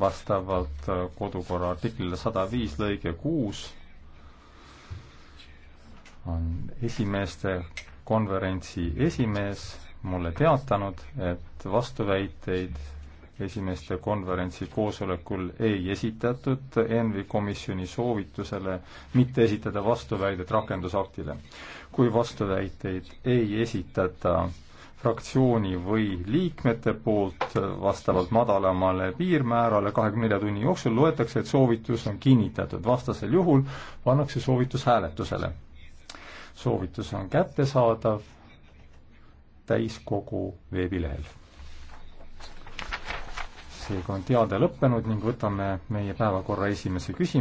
vastavalt äh, kodukorra artiklile sada viis lõige kuus on esimeeste konverentsi esimees mulle teatanud, et vastuväiteid esimeeste konverentsi koosolekul ei esitatud ENVI komisjoni soovitusele mitte esitada vastuväidet rakendusaktile. kui vastuväiteid ei esitata fraktsiooni või liikmete poolt vastavalt madalamale piirmäärale kahekümne nelja tunni jooksul loetakse, et soovitus on kinnitatud, vastasel juhul pannakse soovitus hääletusele. soovitus on kättesaadav täiskogu veebilehel. seega on teade lõppenud ning võtame meie päevakorra esimese küsimuse.